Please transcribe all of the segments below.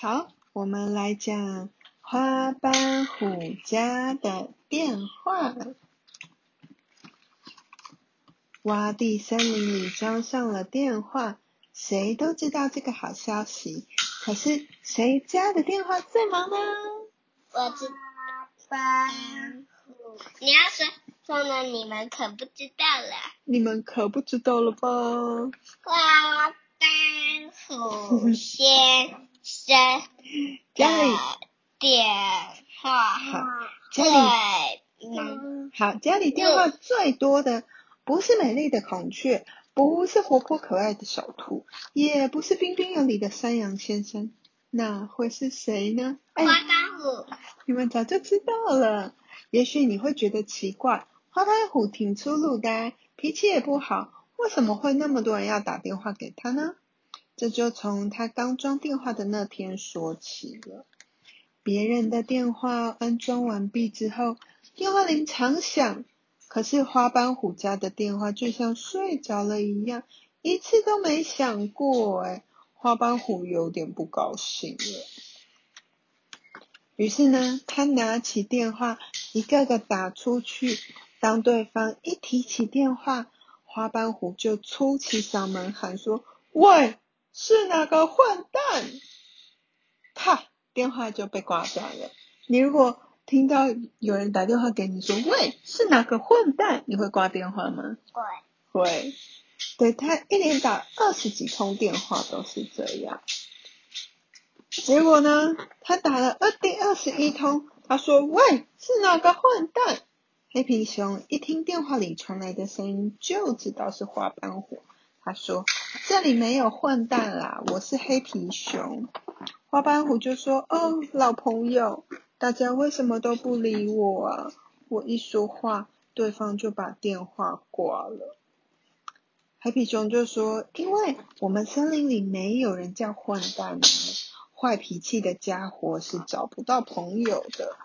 好，我們來講花斑虎家的電話。洼地森林裡裝上了電話，誰都知道這個好消息。可是誰家的電話最忙呢？我知道花斑虎，你要說裝了，你們可不知道了。你們可不知道了吧？花斑虎先。 生家裡電話好，家裡、嗯、好，家裡電話最多的不是美麗的孔雀，不是活潑可愛的小兔，也不是彬彬有禮的山羊先生，那會是誰呢？哎、花斑虎，你們早就知道了。也許你會覺得奇怪，花斑虎挺粗魯的，脾氣也不好，為什麼會那麼多人要打電話給他呢？這就從他剛裝電話的那天說起了。別人的電話安裝完畢之後，電話鈴常響，可是花斑虎家的電話就像睡着了一樣，一次都沒響過，欸。哎，花斑虎有點不高興了。於是呢，他拿起電話，一個個打出去。當對方一提起電話，花斑虎就粗起嗓門喊說：“喂！”是哪個混蛋？”啪，電話就被掛斷了。你如果聽到有人打電話給你說“喂，是哪個混蛋”，你會掛電話嗎？會。會。對，他一連打二十幾通電話都是這樣。結果呢，他打了二第二十一通，他說“喂，是哪個混蛋？”黑皮熊一聽電話裡傳來的聲音，就知道是花斑虎。他說：“這裡沒有混蛋啦，我是黑皮熊。”花斑虎就說：“哦，老朋友，大家為什麼都不理我啊？我一說話，對方就把電話掛了。”黑皮熊就說：“因為我們森林裡沒有人叫混蛋啊，壞脾氣的家伙是找不到朋友的。”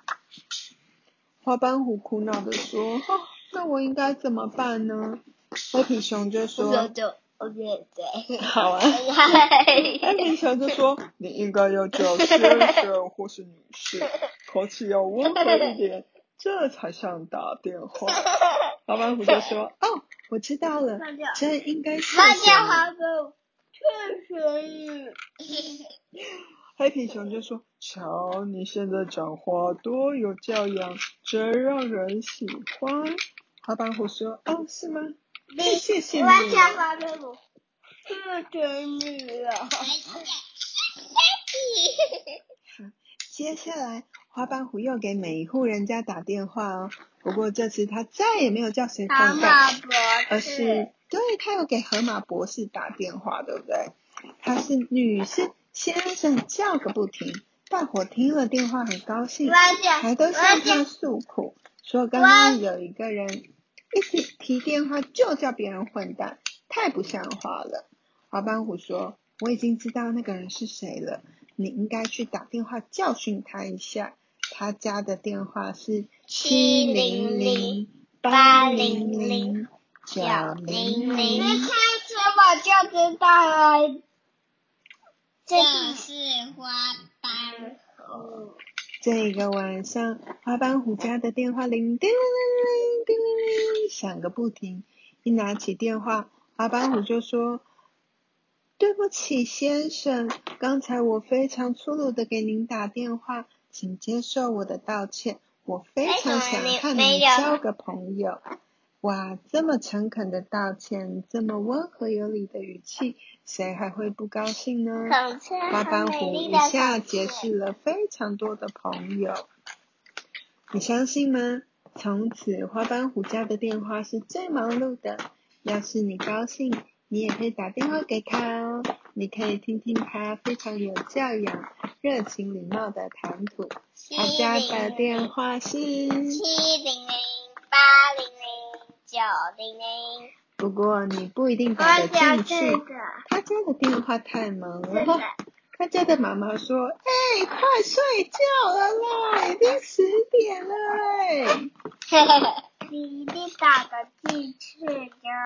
花斑虎苦惱地說：“哦，那我應該怎麼辦呢？”黑皮熊就說：“不知小姐，好啊。Happy 小姐說，哎，你應該要叫先生或是女士，哎，口氣要溫和一點，哎，這才像打電話。花斑虎就說，哎，哦，我知道了，這應該是先生，這可以。Happy 小姐說，瞧你現在講話多有教養，真讓人喜歡。花斑虎說，哦，嗯，是嗎？謝謝你們。哇，花斑虎，太真了。謝謝，謝謝你。接下來，花斑虎又給每一戶人家打電話哦。不過這次他再也沒有叫誰幫忙，而是對他又給河馬博士打電話，對不對？他是女士、先生叫個不停，大夥聽了電話很高興，還都向他訴苦，說剛剛有一個人。提電話就叫別人混蛋，太不像話了。花斑虎說：“我已經知道那個人是誰了，你應該去打電話教訓他一下。他家的電話是七零零八零零九零零。你們開車我就知道了。這是花斑虎。這個晚上，花斑虎家的電話鈴，叮鈴鈴，叮鈴鈴。”響個不停，一拿起電話，花斑虎就說：“對不起，先生，剛才我非常粗魯的給您打電話，請接受我的道歉。我非常想看你交個朋友。哇，這麼誠懇的道歉，這麼溫和有禮的語氣，誰還會不高興呢？”花斑、啊、虎一下結識了非常多的朋友，啊、你相信嗎？從此，花斑虎家的電話是最忙碌的。要是你高興，你也可以打電話給他哦。你可以聽聽他非常有教養、熱情禮貌的談吐。他家的電話是七零零八零零九零零。不過，你不一定打得進去。他家的電話太忙了。他家的媽媽說。快睡覺了啦，已經十點了嘞。嘿，哈哈，你一定打得進去呀。